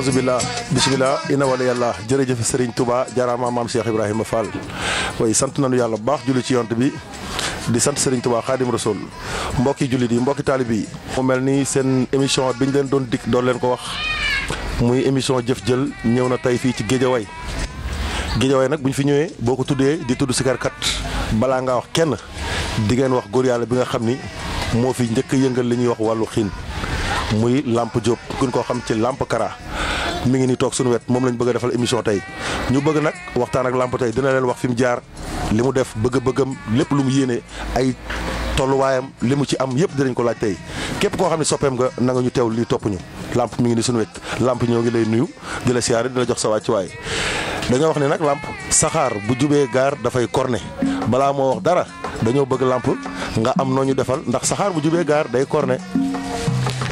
aousubillah Bismillah ina wala yàlla jërëjëf Serigne Touba jaaraama maam Cheikh Ibrahim Fall way sant nañu yàlla bu baax julli ci yont bi di sant Serigne Touba Xaadim Rasul mbokki jullit yi mbokki taalib mu mel ni seen émission bi ñu don dik dikk doon leen ko wax muy émission jëf jël ñëw na tey fii ci Géejawaay Géejawaay nag bu ñu fi ñëwee boo ko tuddee di tudd sikarkat balaa ngaa wax kenn di ngeen wax bi nga ni fi njëkk yëngal li ñuy wax wàllu xiin muy Lamp Diop gën koo xam ci Kara mi ngi ni toog suñu wet moom lañ bëgg defal émission tey ñu bëgg nag waxtaan ak làmp tey dina leen wax fi jaar li mu def bëgg-bëggam lépp lu mu yéene ay tolluwaayam li mu ci am yëpp dinañ ko laaj tey képp koo xam ne soppeem nga na ñu teew li topp ñu làmp mi ngi ni suñu wet làmp ñoo ngi lay nuyu di la siyaare di la jox sa wàccuwaay dañoo wax ne nag làmp saxaar bu jubee gaar dafay corne balaa moo wax dara dañoo bëgg làmp nga am noo ñu defal ndax saxaar bu jubee gaar day corne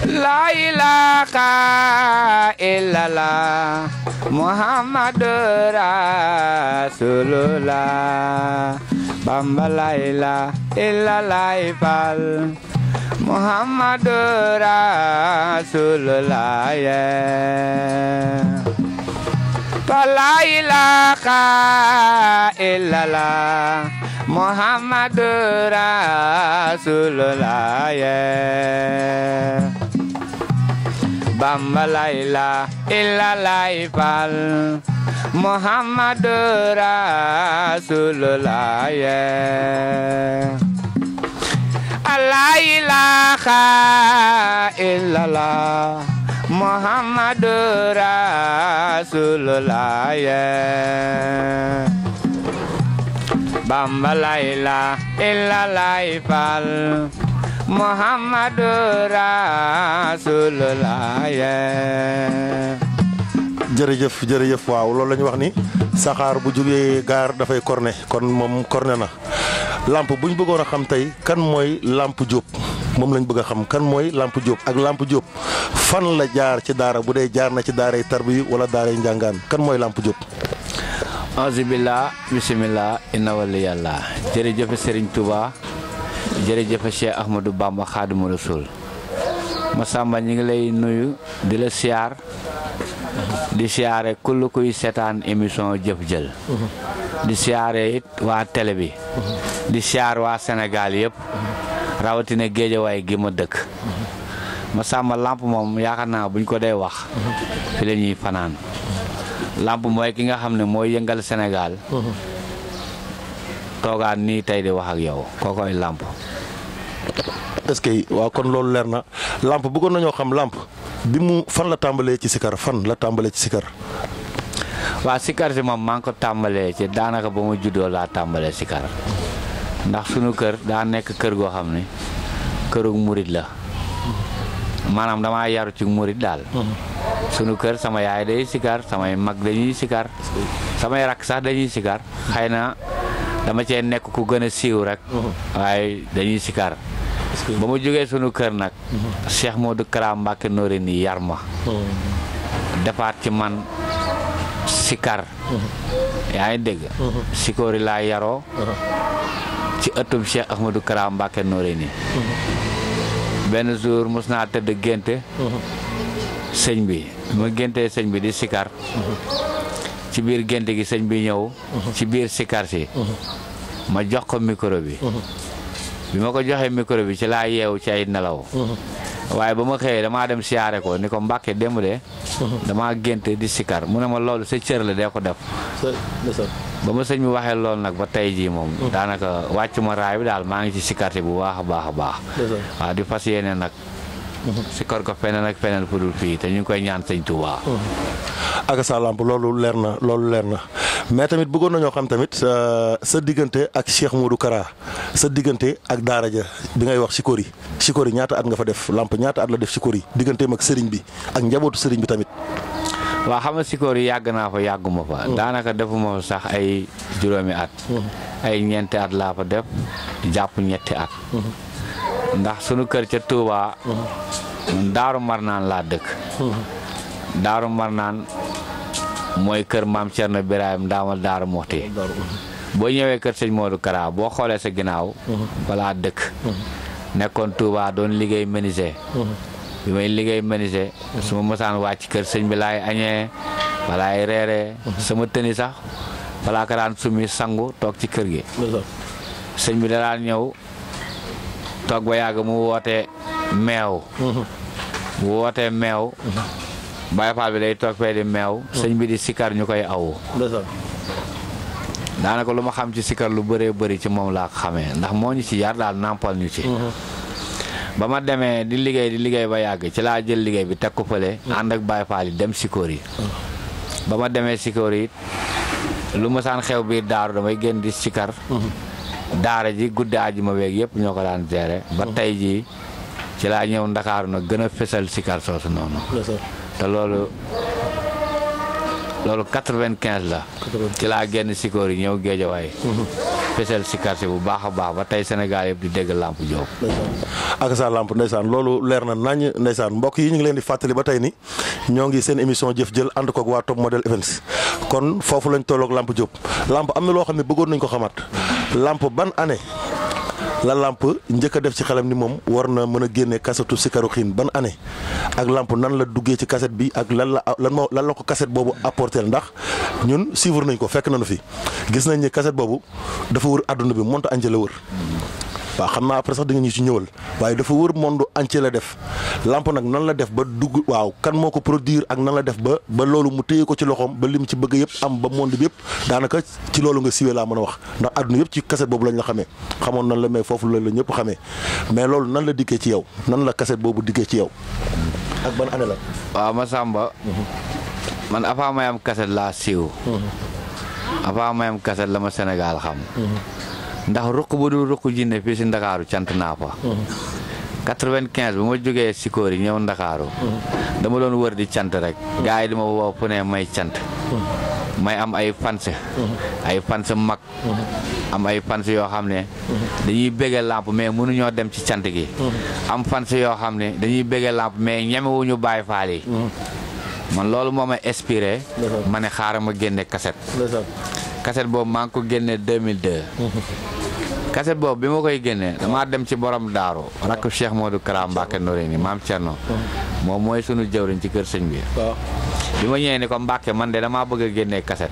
La ilaha illallah Muhammad Rasulullah Bamba la ilaha illallah ifal Muhammad Rasulullah yeah. La ilaha illallah Muhammad Rasulullah yeah. Bamba Bambalaila ilalaifal Muhammad Rasulullah yeah. La ilaha illallah Muhammad Rasulullah yeah. Bamba la ilaha illallah Muhammadu Rasulullah jërëjëf jërëjëf waaw loolu la ñu wax ni saxaar bu jógee gaar dafay korne kon moom corné na làmp buñ ñu bëggoon a xam tey kan mooy làmp Jóob moom lañ bëgg a xam kan mooy làmp Jóob ak làmp Jóob fan la jaar ci daara bu dee jaar na ci daaray tarbi wala daaray njàngaan kan mooy làmp Jóob azibillah bisimillah inna wali yàlla jërëjëf Serigne Touba jërëjëf Cheikh Ahmadou Bamba Xaadimu Rasuul Masamba ñu ngi lay nuyu di la siyaar di siyaare kull kuy seetaan émission jëf jël di siyaare waa télé bi di siyaar waa senegaal yëpp rawatina géejawaay gi ma dëkk Masamba làmp moom yaakaar naa buñ ko dee wax fi la fanaan làmp mooy ki nga xam ne mooy yëngal senegaal toogaan nii tey di wax ak yow kookoy làmp est-ce que waaw kon loolu leer na làmp bëggoon nañoo xam làmp bi mu fan la tàmbalee ci sikar fan la tàmbalee ci sikar waaw sikar si moom maa ngi ko tàmbalee ci daanaka ba ma juddoo laa tàmbalee sikar ndax sunu kër daa nekk kër goo xam ne këru murit la maanaam damaa yaru ci murit daal mm-hmm. sunu kër sama yaay day sikar samay mag dañuy sikar samay rakk sax dañuy sikar xëy na dama cee nekk ku gën a siiw rek. Uh-huh. waaye dañuy sikar. ba ma jógee sunu kër nag. Uh-huh. Cheikh Modou Kara Mbacké Noreyni nii yar ma. Uh-huh. defaat ci man sikar. yaa ngi dégg. sikoori laa yaroo. ci ëttum Cheikh Ahmadou Kara Mbacké Noreyni nii. benn jour mos naa tëdd génte. sëñ bi ma géntee sëñ bi di sikar. ci biir gént gi sëñ bi ñëw ci biir sikar si ma jox ko micro bi bi ma ko joxee micro bi ci laa yeewu ci ay nelaw waaye ba ma xëyee damaa dem siyaare ko ni ko mbàkke démb de damaa gént di sikar mu ne ma loolu sa la dee ko def ba ma sëñ bi waxee loolu nag ba tey jii moom mm-hmm. daanaka wàcc ma raay bi daal maa ngi ci sikarte bu baax a baax a baax waaw di fas yéene nag sikor ko feneen ak feneen fu dul fii te ñu ngi koy ñaan sëñ Touba. Agasa Lamp loolu leer na loolu leer na mais tamit bëggoon na ñoo xam tamit euh, sa diggante ak Cheikh Modou Kara sa diggante ak Daara ja bi ngay wax Sikori Sikori ñaata at nga fa def Lamp ñaata at la def Sikori digganteem ak sëriñ bi ak njabootu sëriñ bi tamit. waaw xam nga Sikori yàgg naa fa yàgguma fa. Mm. daanaka defuma sax ay juróomi at. Mm. ay ñeenti at laa fa def jàpp ñetti at. Mm-hmm. ndax sunu kër ca Touba. Uh-huh. daaru Marnaan laa dëkk. Uh-huh. daaru Marnaan mooy kër maam Cerno Birahim daamal daaru Muxti. boo ñëwee kër sëñ Modou Kara boo xoolee sa ginnaaw. balaa uh-huh. dëkk. nekkoon Touba doon liggéey menuisier. bi may liggéey menuisier. suma ma mosaan ci kër sëñ bi laay añee walaay reeree. sama tëni sax balaa ka daan summi sangu toog ci kër gi. sëñ bi da daan ñëw. toog ba yàgg mu woote meew bu wootee meew Baay Faal bi day toog fee di meew sëñ bi di sikar ñu koy awu daanaka lu ma xam ci sikar lu bëree bëri ci moom laa xamee ndax moo ñu ci yar daal nàmpal ñu ci ba ma demee di liggéey di liggéey ba yàgg ci laa jël liggéey bi teg ko fële ànd ak Baay Faal yi dem sikóor yi ba ma demee sikóor yi lu ma saan xew biir daaru damay génn di sikar daara ji guddi ajuma weeg yëpp ñoo ko daan géré ba mhm. tey jii ci laa ñëw ndakaaru na gën a fésal sikar soosu noonu te loolu loolu quatre quinze la ci laa génn sikoor yi ñëw géejawaay mhm. spécial si quartier bu baax a baax ba tey Sénégal yëpp di dégg Lamp Diop. ak sa ndeysaan loolu leer na nañ ndeysaan mbokk yi ñu ngi leen fàttali ba tey ni ñoo ngi seen émission jëf jël ànd koog waa Top Model Events kon foofu lañ tolloog Lamp Diop Lamp am na loo xam ne bëggoon nañ ko xamaat Lamp ban année. la làmp njëkk def ci xelam ni moom war na mën a génne kasetu sikaru xiin ban année ak lamp nan la duggee ci kaset bi ak lan la lan moo lan la ko kaset boobu apporter ndax ñun suivre nañ ko fekk nu fi gis nañ ne kaset boobu dafa wër àdduna bi monte anje la wër ba xamna après sax da nga ñu ci ñëwal waye dafa wër monde entier la def lamp nak nan la def ba dugg waaw kan moko produire ak nan la def ba ba lolu mu téye ko ci loxom ba lim ci bëgg yëpp am ba monde bi yëpp daanaka ci lolu nga siwé la mëna wax ndax aduna yëpp ci kaset bobu lañ la xamé xamoon nan la mais fofu la la ñëpp xamé mais lolu nan la diggé ci yow nan la kaset bobu diggé ci yow ak ban ané la. ma samba man afa may am kaset la siiw. Mhm. afa may am kaset la ma Sénégal xam. Mhm. ndax ruq bu dul ruq jinne fii si ndakaaru cant naa fa. 95 mm-hmm. bu ma jógee Sikoor yi ñëw ndakaaru mm-hmm. dama doon wër di cant rek. Mm-hmm. gars yi di ma woo fu ne may cant. may am ay fans. ay fans mag. am ay fans yoo xam ne. dañuy bëggee làmp mais mënuñoo dem ci cant gi. am yoo xam ne dañuy bëggee làmp mais ñemewuñu bàyyi faal yi. man loolu moo ma inspiré. ma ne xaaral ma génne kaset. kaset boobu maa ngi ko génne kaset boobu bi ma koy génnee damaa dem ci borom daaru rakk Cheikh Modou Kara Mbacke Noreyni maam Thierno moom mooy sunu jëwriñ ci kër sëñ bi bi ma ñëwee ni ko Mbacke man de damaa bëgg a génnee kaset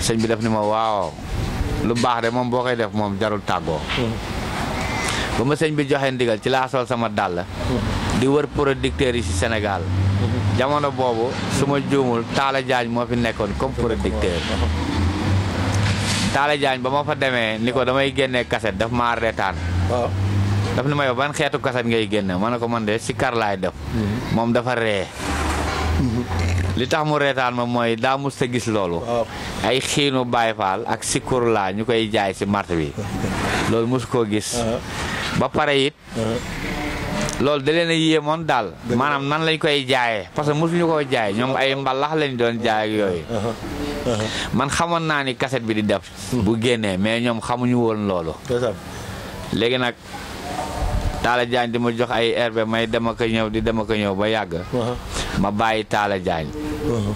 sëñ bi def ni ma waaw lu baax de moom boo koy def moom jarul tàggoo ba ma sëñ bi joxe ndigal ci laa sol sama dàll di wër producteurs yi ci Sénégal jamono boobu su ma juumul Talla Diagne moo fi nekkoon comme producteur Talla Diagne ba ma fa demee ni ko damay génne kaset daf maa reetaan. waaw daf ni ma yow ban xeetu kaset ngay génne ma ne ko man de si kar laay def. Mhm. moom dafa ree. Mhm. li tax mu reetaan ma mooy daa mus a gis loolu. ay xiinu Baay Faal ak sikkur laa ñu koy jaay si marché bi. loolu mus koo gis. Uh-huh. ba pare it. Uh-huh. loolu da leen a yéemoon daal. maanaam nan lañ koy jaayee parce que mosuñu koo jaay ñoom ay mbalax lañu doon jaay ak yooyu. Uh-huh. Uh-huh. man xamoon naa ni kaset bi di def. Hmm. bu génnee mais ñoom xamuñu woon loolu. léegi nag Talla Diagne di ma jox ay RB may dem ak ñëw di dem ak ñëw ba yàgg. Uh-huh. ma bàyyi Talla Diagne. Uh-huh.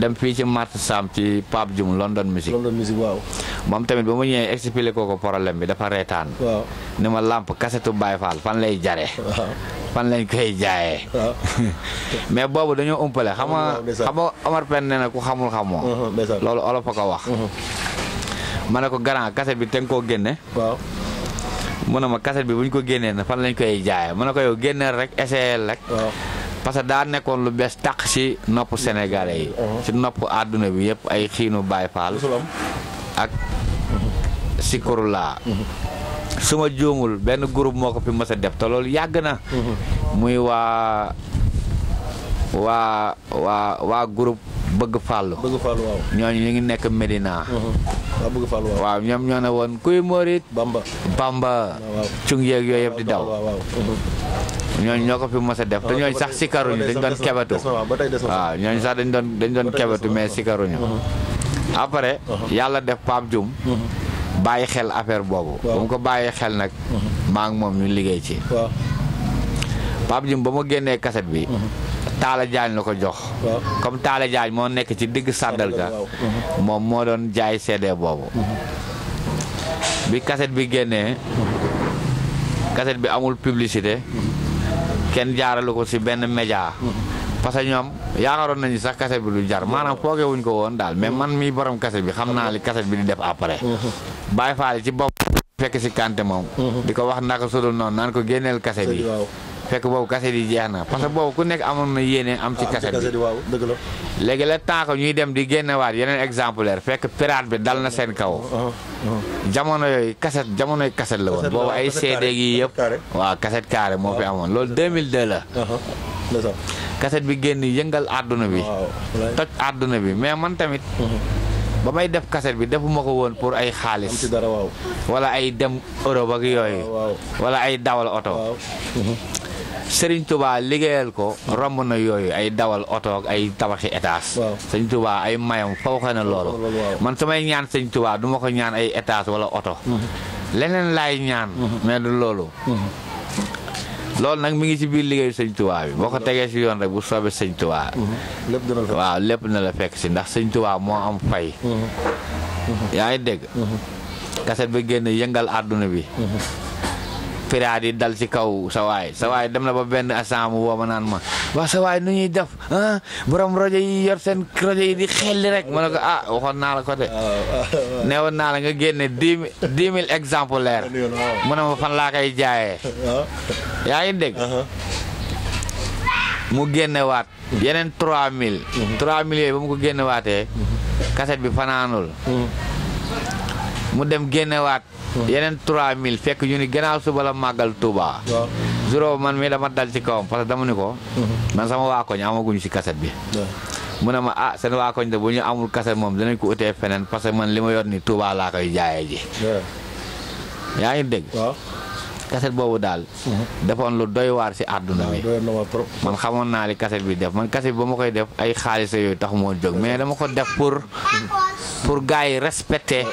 dem fii ci Marte Sam ci Pape Dioum London Music. London Music moom tamit ba mu ñëwee expliqué ko ko problème bi dafa reetaan. ni ma làmp kasetu Baye Fall fan lay jaree. fan lañ koy jaaye mais boobu dañoo umpale xam nga xam nga Omar Pène nee na ku xamul xamoo. Uh-huh, loolu olof a ko wax. Uh-huh. ma ne ko grand kaset bi te koo génne. waaw ne ma kaset bi bu ko génnee na fan lañ koy jaayee mën ne koy yow génneel rek essayé rek. parce que daa nekkoon lu bees tàq ci nopp sénégalais yi. Uh-huh. ci nopp àdduna bi yëpp ay xiinu Baay Faal. ak Sikurulaa. su ma juumul guru groupe moo ko fi mës a def te loolu yàgg na muy waa waa waa waa groupe bëgg bëgg waaw ngi nekk Medina uh-huh. wa bëgg fàllu waaw waaw ñoom ñoo ne kuy morit bamba bamba cung yeeg yooyu yëpp di daw uh-huh. ñooñu ñoo ko fi mos a def te ah, ñooñu sax sikaruñu dañ doon kebetu ah, waaw ñooñu sax dañ doon dañ doon kebetu mais uh-huh. après def bàyyi xel affaire boobu. ba mu ko bàyyi xel nag. Mhm. maa moom ñu liggéey ci. waaw ba ma génnee kaset bi. Mhm. Taala Jaañ la ko jox. comme Taala Jaañ moo nekk ci digg sàddal ga mhm. moom moo doon jaay CD boobu. bi kaset bi génnee. kaset bi amul publicité. kenn jaaralu ko si benn média. parce que ñoom yaakaaroon nañu sax kaset bi du jar maanaam foogee wuñ ko woon daal mais man mi borom kaset bi xam naa li kaset bi di def après. Baye Fall ci bopp fekk si Kanté moom. Mhm. di ko wax naka su dul noonu naan ko génneel kase bi. fekk boobu kase bi jeex na parce que boobu ku nekk amoon na yéene am ci kase ah, bi waaw dëgg la léegi la temps que ñuy dem di génne génnewaat yeneen exemplaire fekk pirate bi dal na seen kaw uh-huh, uh-huh. jamono yooyu kaset jamonoy kaset la woon boobu ay CD gi yëpp waaw kaset carré moo fi amoon loolu 2002 la kaset uh-huh. bi génn yëngal àdduna bi toj àdduna bi mais man tamit ba may def kaset bi defuma ko woon pour ay xaalis. wala ay dem Europe ak yoy wala ay dawal auto mhm. serigne touba liggéeyal ko romb na yooyu ay dawal auto ak ay tabaxi étage serigne touba ay mayam fawxe lolo man samay ñaan serigne touba duma ko ñaan ay étage wala auto mhm. leneen lay ñaan mhm. mais du lolo loolu nag mi ngi ci biir liggéeyu sëñ Tuubaa bi boo ko tegee si yoon rek bu soobee sëñ Tuubaa mhm. waaw lépp na la fekk si ndax sëñ Tuubaa moo am fay mhm. Mhm. yaa ngi dégg kaset ba génn yëngal àdduna bi piraat yi dal ci kaw sa waay sa waay dem na ba benn instant woo ma naan ma waa sa waaye nu ñuy def ah borom rajo yi yor seen rajo yi di xelli rek ma ne ko ah waxoon naa la ko de ah, ah, ah. ne naa la nga génne dix mille dix mille exemplaires mu ma fan laa koy jaaye yaa ngi dégg uh-huh. mu génnewaat yeneen trois mille uh-huh. trois mille yooyu ba mu ko génnewaatee kaset uh-huh. bi fanaanul mu dem génnewaat yeneen trois mille fekk ñu ni gannaaw suba la màggal Touba zéro man mii dama dal ci kawam parce que dama ni ko man sama waa koñ amaguñu si kaset bi mu ne ma ah seen waa de bu ñu amul kaset moom dinañ ko utee feneen parce que man li ma yoon ni Touba laa koy jaayee ji yaa ngi dégg kaset boobu daal. Mhm. defoon lu doy waar si àdduna bi. man xamoon naa li kaset bi def man kaset bi ba ma koy def ay xaalis yooyu tax moo jóg mais dama ko def pour pour gars yi respecté.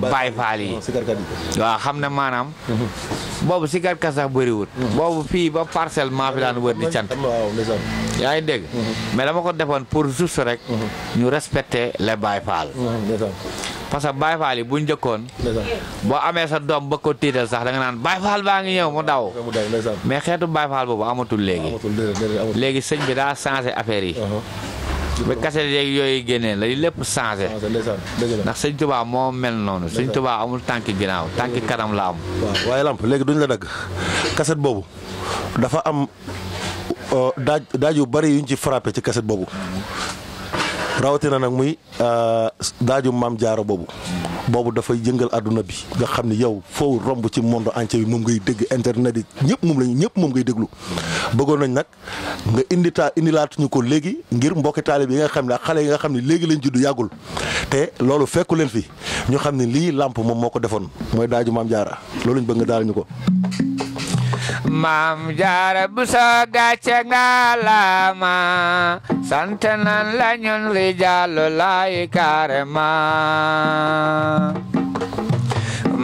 Baay Faal yi waaw xam ne maanaam. Mhm. boobu sikar kas sax bëriwul. Mhm. boobu fii ba parcellement maa fi daan wër di cant. yaa ngi dégg. mais dama ko defoon pour juste rek. ñu respecté les Baay Faal. parce que Baye Fall yi bu ñu njëkkoon. boo amee sa doom ba ko tiital sax danga naan Baye Fall baa ngi ñëw mu daw. mais xeetu Baye Fall boobu amatul léegi. léegi sëñ bi daa changé affaire yi. Uh-huh. ba kase léegi yooyu génnee la lépp changé. ndax sëñ Tuubaa moo mel noonu. sëñ Tuubaa amul tànki ginaaw tànki kanam la am. waaye lamp léegi duñ la dagg kaset boobu dafa am euh, daaj daaj yu bari yuñ ci frappé ci kaset boobu. rawatina nag muy euh, daaju maam jaaro boobu boobu dafay jëngal àdduna bi nga xam ne yow foofu romb ci monde entier bi moom ngay dégg internet yi ñëpp moom lañu ñëpp moom ngay déglu bëggoon nañ nag nga indi taa indilaatuñu ko léegi ngir mbokki taalib yi nga xam ne ak xale yi nga xam ni léegi lañ judd yàggul te loolu fekku leen fi ñu xam ne lii làmp moom moo ko defoon mooy daaju maam jaara loolu ñu bëgg nga daal ko maam jaara buso gàcce nga laama sant la ñun rijaalu lay karema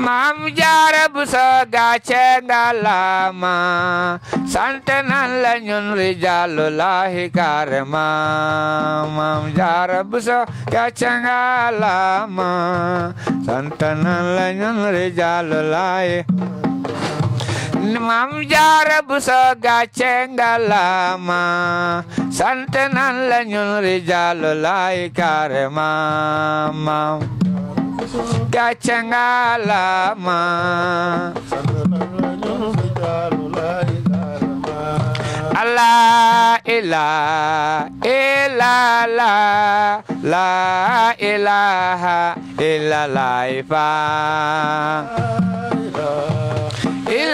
maam jaara buso gàcce nga laama sant la ñun rijaalu lay karema maam jaara buso gàcce nga laama la ñun rijaalu lay mam jaara buso gàcce ngalama sant nan la ñun rijaalu lay kaare maam gàcce ngalama Allah ilaha illallah la ilaha illallah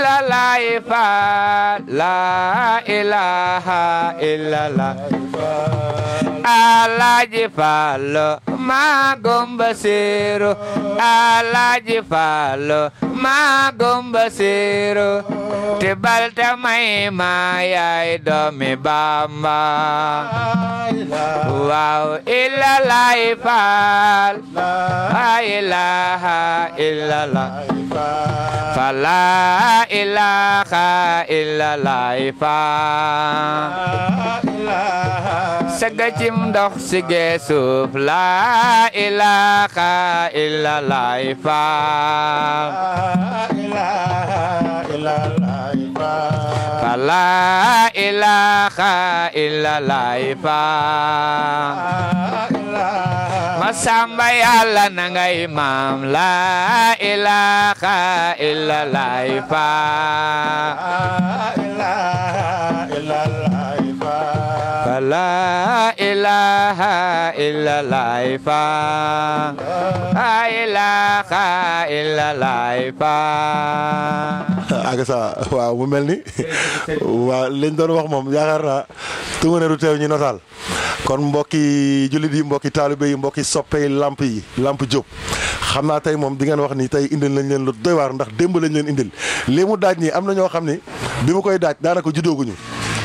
illallah, la ilaha e, e, illallah. E, Alaaji Fallu ma gomba seero Alaaji Fallu ma gomba seero te balta may ma yaay doomi Bamba waaw illa laay faal laa ilaaha illa faal sëgg cim ndox si geesuuf laa ilaaha illa laay faa laa ma samba yàlla na ngay maam laa ilaaha illa laay faa ilaha illallah fa la ilaha illallah fa agassa sa mu ni wa liñ doon wax mom yaakar na tungu ne du tew ñu notal kon mbokki julit yi mbokki taalibe yi mbokki soppe yi lamp yi lamp job xamna tay mom di ngeen wax ni tay indil lañ leen lu doy war ndax demb lañ leen indil limu daaj am na ñoo xam koy daaj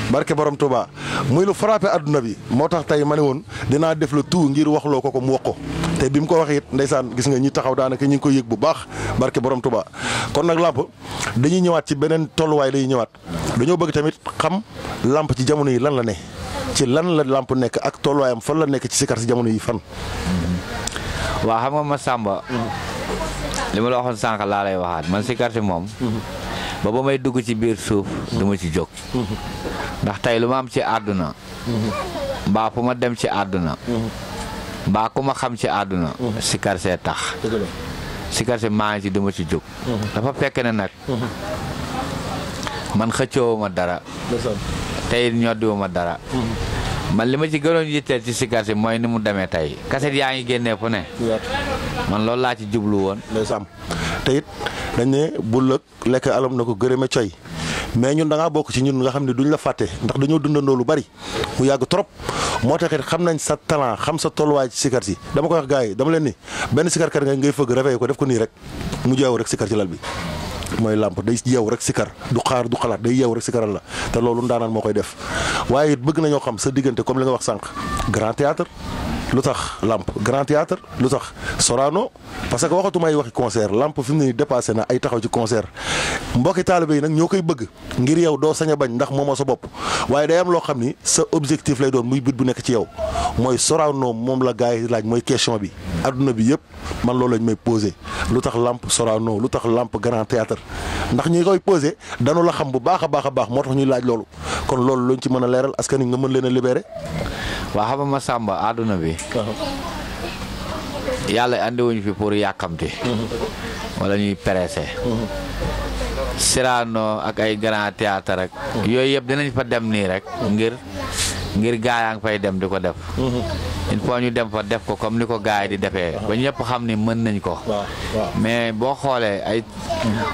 barke borom tubaa muy lu frappé adduna bi moo tax tey ma ne woon dinaa def le tout ngir waxloo ko ko mu wax te bi mu ko waxee it ndeysaan gis nga ñi taxaw daanaka ñu ngi ko yëg bu baax barke borom tubaa kon nag làmp dañuy ñëwaat ci beneen tolluwaay dañuy ñëwaat dañoo bëgg tamit xam làmp ci jamono yi lan la ne ci lan la làmp nekk ak tolluwaayam fan la nekk ci sikar si jamono yi fan. waaw xam nga ma Samba. li ma la waxoon sànq laa lay waxaat man sikar si mhm. ba ba may dugg ci biir suuf duma ci jóg ndax tey lu ma am ci àdduna mbaa fu ma dem ci àdduna mbaa ku ma xam ci àdduna sikar see tax sikar see maa ngi ci duma ci jóg dafa fekk ne nag man xëccoowu ma dara tey ñoddiwu ma dara man li ma ci gënoon yitteel ci sikar si mooy ni mu demee tey kaset yaa ngi génnee fu ne man loolu laa ci jublu woon ndeysaan te it dañ ne bul lëg lekk alam na ko gërëme coy mais ñun danga bokk ci ñun nga xam ne duñu la fàtte ndax dañoo dundandoo lu bari mu yàgg trop moo taxit xam nañ sa talent xam sa tolluwaay ci sikar si dama koy wax gaa yi dama leen ni benn sikarkat nga ngay fëgg réveillé ko def ko nii rek mu jeew rek sikar si lal bi mooy làmp day yeew rek sikar du xaar du xalaat day yeew rek sikaral la te loolu ndaanaan moo koy def waaye it bëgg nañoo xam sa diggante comme li nga wax sànq grand théâtre lu tax lamp grand théâtre lu tax Sorano parce que waxatuma ay waxi concert lamp fi mu ne na ay taxaw ci concert mbokki taalibe yi nag ñoo koy bëgg ngir yow doo sañ a bañ ndax moomoo sa bopp waaye day am loo xam ni sa objectif lay doon muy bit bu nekk ci yow mooy Sorano moom la gars yi laaj mooy question bi adduna bi yëpp man loolu lañ may posé lu tax lamp Sorano lu tax lamp grand théâtre ndax ñi koy posé danu la xam bu baax a baax a baax moo tax ñuy laaj loolu kon lool luñ ci mën a leeral askan ni nga mën leen a libéré. waa xam nga Massamba àdduna bi yàlla andiwuñu fi pour yàkkamti wala ñuy pressé Cyrano ak ay grand théâtre rek yooyu yëpp dinañ fa dem nii rek ngir ngir gaa yaa fay dem di ko def mhm. il faut ñu dem fa def ko comme ni ko gaa yi di defee ba ñëpp xam ni mën nañ ko mais boo xoolee ay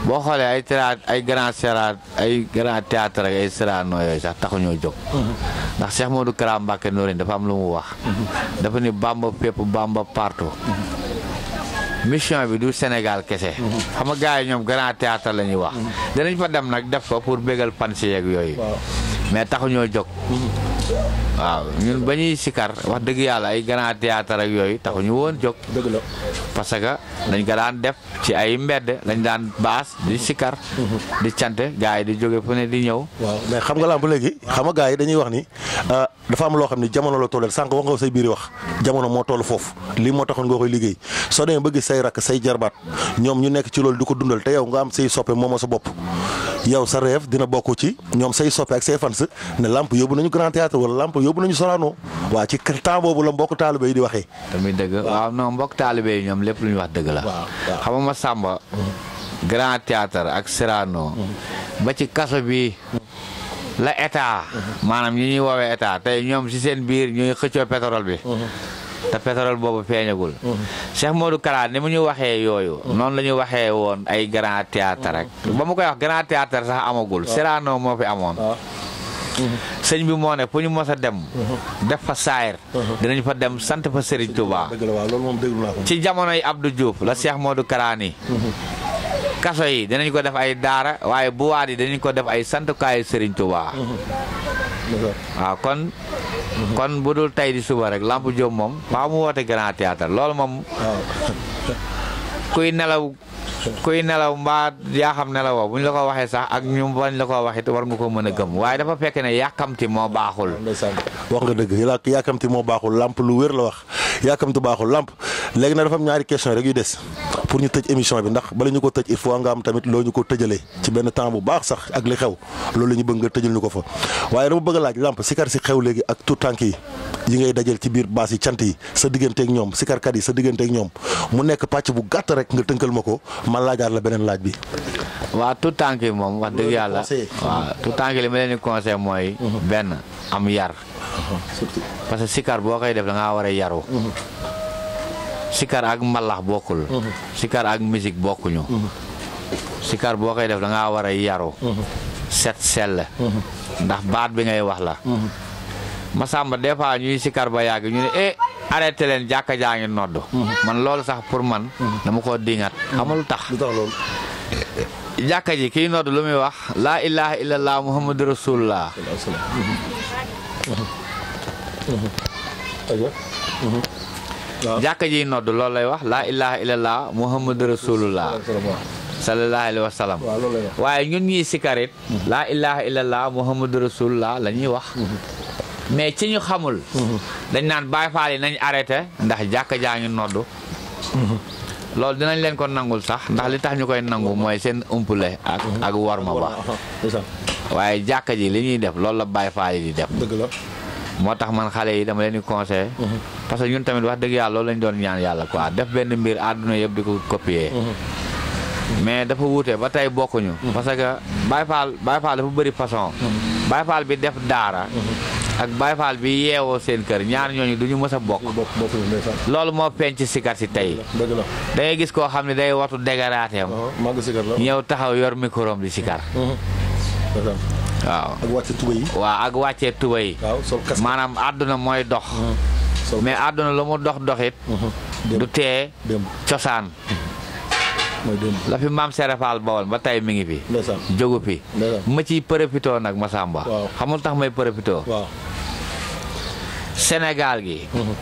boo xoolee ay théâtre ay grand sérat ay grand théâtre ak yooyu sax taxuñoo jóg mhm. ndax Cheikh Modou Kara Mbacké Noreyni dafa am lu mu wax mhm. dafa ni Bamba fépp Bamba partout mission bi du Sénégal kese xam nga gars yi ñoom grand théâtre la ñuy wax danañ fa dem nag def ko pour bégal fans yeeg yooyu mais taxuñoo jóg Brasil. waaw ñun ba sikar wax dëgg yàlla ay grand théâtre ak yooyu taxuñu woon jóg dëgg la parce que dañ ko daan def ci ay mbedd di sikar mhm. di cante gars yi di jóge fu ne di ñëw waaw mais xam nga léegi xam nga gars yi dañuy wax ni euh, dafa am loo xam ni jamono la tolleel sànq wax nga say biir wax jamono moo toll foofu lii moo taxoon nga koy liggéey soo demee bëgg say rakk say jarbaat ñoom ñu nekk ci loolu di ko dundal te yow nga am say soppe moomoo sa bopp yow dina bokk ci ñoom say soppe ak say fans ne lamp yóbbu nañu grand théâtre wala lamp yóbbu nañu Sorano waaw ci temps boobu la mbokk taalibe yi di waxe tamit dëgg waaw non mbokk taalibe yi ñoom lépp lu wax dëgg la. xam nga Samba. Mm-hmm. Grand Théâtre ak Sorano. Mm-hmm. ba ci kaso bi. la état. Mm-hmm. maanaam ñi ñuy woowee état ñoom si seen biir ñuy xëccoo pétrole bi. te pétrole boobu feeñagul. Cheikh Modou Kara ni mu ñu waxee yooyu. noonu la ñu waxee woon ay grand théâtre rek. ba mu koy wax grand théâtre sax amagul. Sorano moo fi amoon. sëñ bi moo ne fu ñu mos a dem. Uh-huh. def fa saayir. Uh-huh. dinañ fa dem sant fa Serigne Touba. ci jamonoy Abdou Diouf la seex moo du Karani. Uh-huh. kaso yi dinañ ko def ay daara waaye bu waat yi dinañ ko def ay santukaayu Serigne Touba. waaw kon. kon bu dul tey di suba rek Lamp Diop moom faa mu woote grand théâtre loolu moom. kuy nelaw. kuy nelaw mbaa yaa xam nelaw wa bu ñu la ko waxee sax ak ñu bañ la ko waxit war nga ko mën a gëm waaye dafa fekk ne yàkkamti moo baaxul wax nga dëgg yàkkamti moo baaxul lamp lu wér la wax yàkkamti baaxul lamp léegi na dafa ñaari question rek yu des pour ñu tëj émission bi ndax bala ñu ko tëj il faut nga am tamit loo ñu ko tëjalee ci benn temps bu baax sax ak li xew loolu la ñu bëgg nga tëjal ñu ko fa waaye dama bëgg laaj lamp si kar si xew léegi ak tout tànk yi yi ngay dajal ci biir baas yi cant yi sa digganteeg ñoom sikarkat yi sa digganteeg ñoom mu nekk pàcc bu gàtt rek nga tënkal ma ko ma laajaat la beneen laaj bi. waaw tout tànk yi moom wax dëgg yàlla waaw tout tànk li ma leen di conseil mooy uh-huh. benn am yar uh-huh. parce que sikar boo koy def da ngaa war a yaru uh-huh. sikar ak ak musique bokkuñu boo koy def da ngaa war a yaru set sell ndax baat bi ngay wax la Masamba des fois ñuy sikar ba yàgg ñu ne eh leen jàkka jaa ngi nodd mm-hmm. man loolu sax pour man mm-hmm. dama koo dingat xamalu mm-hmm. tax jàkka ji kii nodd lu muy wax laa ilaha illallah muhammadu rasulullah jàkka ji nodd loolu lay wax laa ilaha illallah muhammadu rasulullah sallallahu alayhi wa sallam waaye ñun ñuy sikarit laa ilaha illallah muhammadu rasulullah la ñuy wax mais ci ñu xamul. dañ naan Baay Faal yi nañ arrêté ndax jàkka jaa ngi noddu. dinañ leen ko nangul sax ndax li tax ñu koy nangu mooy seen umpule ak ak warma ba waaye jàkk ji li ñuy def loolu la Baay Faal yi di def. dëgg la. moo tax man xale yi dama leen di conseillé. parce que ñun tamit wax dëgg yàlla loolu lañ doon ñaan yàlla ko def benn mbir àdduna yëpp di ko copier. mais dafa wuute ba tey bokkuñu. parce que Baay Faal Baay Faal dafa bëri façon. Baay Faal bi def daara. ak Baye bi yeewoo seen kër ñaar ñooñu du ñu mës a bokk. loolu moo feeñ ci sikar si tey. da ngay gis koo xam ne day watu dégaraateem. Uh-huh. ñëw taxaw yor micro di sikar. Uh-huh. waaw ak wàccee tuba yi. maanaam àdduna mooy dox. Uh-huh. mais àdduna lu mu dox doxit. du tee cosaan. la fi maam Serafal bawoon ba tey mi ngi fi. jógu fi. ma ciy profitoo nag ma sàmba xamul tax may profitoo. Sénégal gi. Mhm.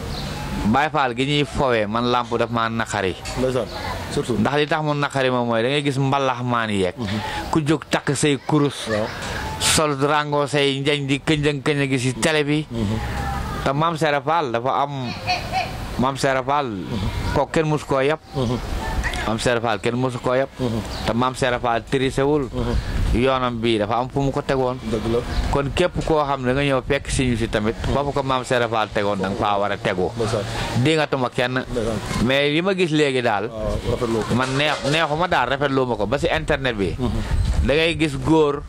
Baay Faal gi ñuy fowee man làmp daf maa naqari. surtout ndax li tax mu naqari moom mooy da gis mbalax maan yeeg. Mhm. ku jóg takk say kurus. sol rango say njañ di kënjëng kënjëng gi si télé bi. Mhm. te maam Serafal dafa am maam Serafal. kooku kenn mus koo yab. maam Serap Fall kenn mosu koo yëpp. Mhm. te maam Serap Fall trisewul. Mhm. yoonam bii dafa am fu mu ko tegoon. dëgg kon képp koo xam ne nga ñëw fekk si ñu si tamit. Mhm. foofu ko maam Serap Fall tegoon da nga faa a tegu. di nga kenn. mais li ma gis léegi daal. Ah, ma neex neexuma daal rafetlu ma ko ba si internet bi. da ngay gis góor.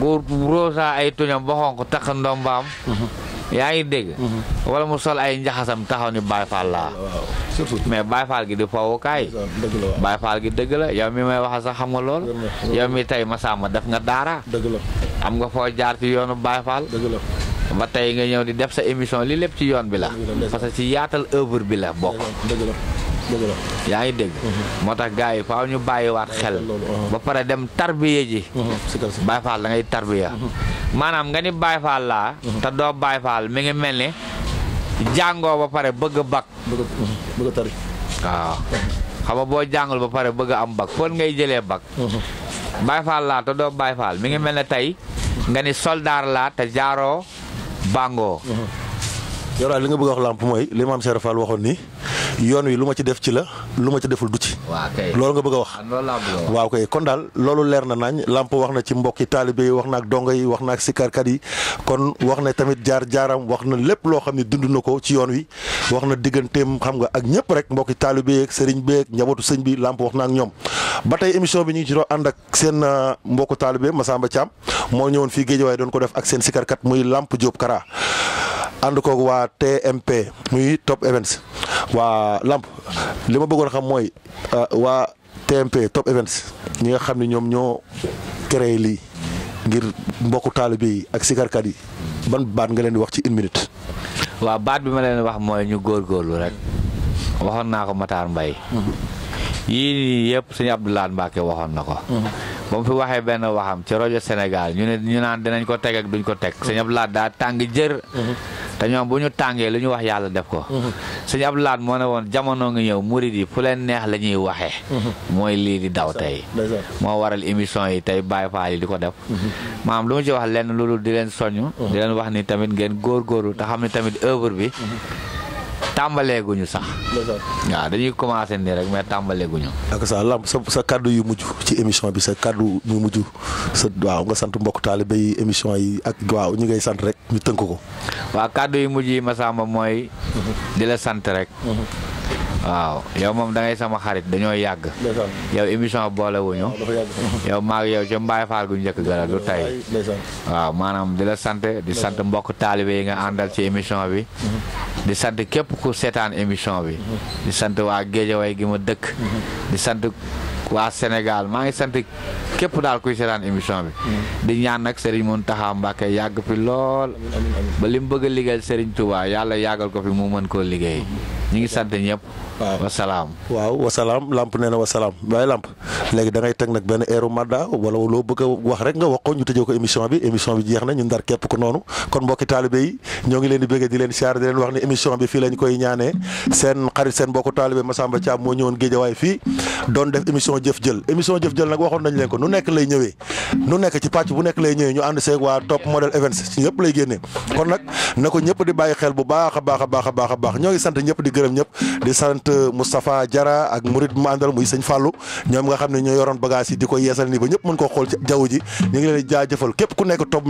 góor roosa ay tuñam ba takk ndombaam. yaa ngi dégg. Mm-hmm. wala mu sol ay njaxasam taxaw ni Baye Fall laa. mais Baye Fall gi di fawukaay. dëgg la Baye gi dëgg la yow mi may wax sax xam nga lool. yow mi tey Massamba def nga daara. dëgg am nga foo jaar ci yoonu Baye Fall. dëgg la ba tey nga ñëw di def sa émission li lépp ci yoon bi la. parce que ci yaatal œuvre bi la bokk. dëgg la yaa ngi dégg mhm. moo tax gars faaw ñu bàyyiwaat xel uh-huh. ba pare dem tarbiya ji mhm, Baay Faal da ngay tarbiya mhm. maanaam nga ni Baay Faal laa te doo Baay Faal mi ngi mel ni jàngoo ba pare bëgg bak bëgg tari waaw xam nga boo ba pare bëgg am bak fon ngay jëlee bak Baay Faal laa te doo Baay Faal mi ngi mel ne tey nga ni soldaar laa te jaaroo bàngoo yow li nga bëgg wax làmp mooy li Cheikh Fall waxoon nii yoon wi lu ma ci def ci la lu ma ci deful du ci. loolu nga bëgg a wax. waaw kay kon daal loolu leer na nañ Lamp wax na ci mbokki taalibe yi wax na dongo yi wax na ak yi kon wax na tamit jaar jaaram wax na lépp loo xam ne dund na ko ci yoon wi wax na digganteem xam nga ak ñëpp rek mbokki taalibe yeeg sëriñ beeg njabootu sëñ bi Lamp wax na ak ñoom. ba tey émission bi ñu ngi ci doon ànd ak seen ah, mbokku taalibe Massamba Thiam moo ñëwoon fii Géejawaay doon ko def ak seen sikarkat muy Lamp Diop Kara ànd kook waa TMP muy Top Events waa Lamp li ma bëggoon xam mooy ah, waa TMP Top Events ñi nga xam ni ñoom ñoo créé lii ngir mbokku taalibe yi ak sikarkat yi ban baat nga leen di wax ci une minute. waaw baat bi ma leen wax mooy ñu góorgóorlu rek waxoon naa ko Matar Mbaye mm-hmm. yii nii yëpp sëñ Abdoulaye Mbacke waxoon na ko. ba mu fi waxee benn waxam ci rajo Sénégal ñu ne ñu naan dinañ ko teg ak duñ ko teg sëñ Abdoulaye daa tàng jër. te ñoom bu ñu tàngee lu ñu wax yàlla def ko. sëñ Abdoulaye moo ne woon jamono ngi ñëw murid yi fu leen neex la ñuy waxee. mooy lii di daw tey. moo waral émission yi tey Baye Fall yi di ko def. maam lu mu ci wax lenn loolu di leen soññ. di leen wax ni tamit ngeen góorgóorlu te xam ne tamit œuvre bi. tàmbaleeguñu sax. waaw dañuy commencé nii rek mais tàmbaleeguñu. ak sa lam sa sa kàddu yu mujj ci émission bi sa kàddu yu mujj sa waaw nga sant mbokk taalibe yi émission yi ak waaw ñu ngay sant rek ñu tënk ko. waaw kàddu yu mujj yi Massamba mooy. Mhm. di la sant rek. Mhm. waaw yow moom da sama xarit dañoo yàgg. yow émission boole wuñu yow maag yow ca Mbaye Fall gu njëkk gara du tey. waaw maanaam di la sant di sant mbokk taalibe yi nga àndal ci émission bi. Mm-hmm. di sant képp ku seetaan émission bi. Mm-hmm. di sant waa Géejawaay gi ma dëkk. Mm-hmm. di sant waa Sénégal maa ngi sant képp daal kuy seetaan émission bi. di ñaan nag Serigne Mountakha Mbacké yàgg fi lool. ba li mu bëgg a Serigne Touba yàlla yàggal ko fi mu mën koo liggéey. ñu ngi sant ñëpp. waaw wasalaam. waaw wasalaam lamp nee na wasalaam waaye lamp léegi da ngay teg nag benn eeru madda wala loo bëgg a wax rek nga wax ko ñu tëjee ko émission bi émission bi jeex na ñu ndar képp ko noonu kon mbokki taalibe yi ñoo ngi leen di bëggee di leen siyaar di leen wax ne émission bi fii lañ koy ñaane seen xarit seen mbokku taalibe Massamba Thiam moo ñëwoon Géejawaay fii don def émission jëf jël émission jëf jël nag waxoon nañ leen ko nu nekk lay ñëwee nu nekk ci pàcc bu nekk lay ñëwee ñu ànd seeg waa top model events ci ñëpp lay génnee kon nag na ko ñëpp di bàyyi xel bu baax a baax a a baax a baax ñoo sant ñëpp di gërëm ñëpp di sant euh, Moustapha Diarra ak Mourid mu àndal muy sëñ Fallou ñoom nga xam ne ñoo yoroon bagage yi di ko yeesal nii ñëpp mën ko xool ci jaww ji ñu ngi képp ku nekk top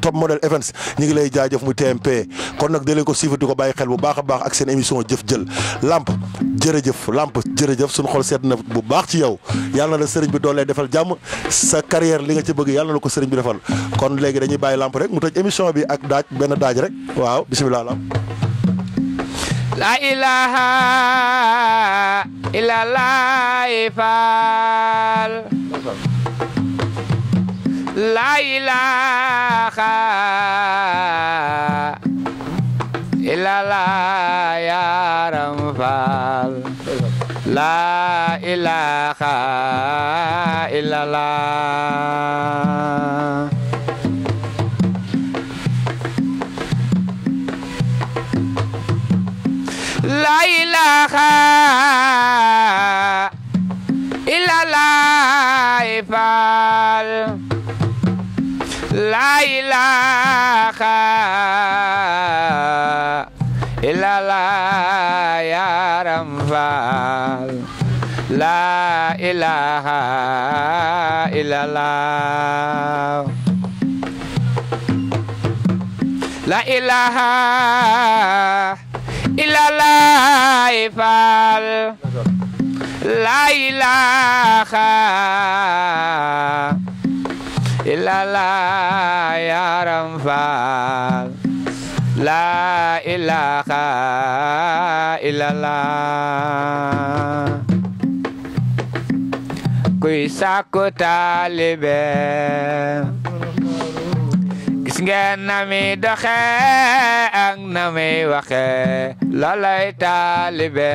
top model events ñu ngi lay jaajëf muy TMP kon nag da leen ko suivre ko bàyyi xel bu baax a baax ak seen émission jëf jël lamp jërëjëf lamp jërëjëf suñu xool seet na bu baax ci yow yalla na la bi dole defal jàmm sa carrière li nga ci bëgg yalla na la ko serigne bi defal kon légui dañuy bayyi lamp rek mu tej émission bi ak daaj ben daaj rek waaw bismillah la ilaha illa laifal la ilaha illa la ya ramfal La ilaha illallah La ilaha illallah ifal La ilaha illallah ya La ilaha illallah La ilaha La ilaha illallah ya La ilaha illallah kuy sàkku taalibe gis ngeen na mi doxe ak na mi waxe looloy taalibe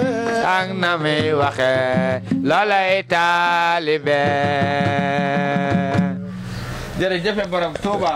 ak na muy waxe loolay taalibe jërëjëf borom Tuuba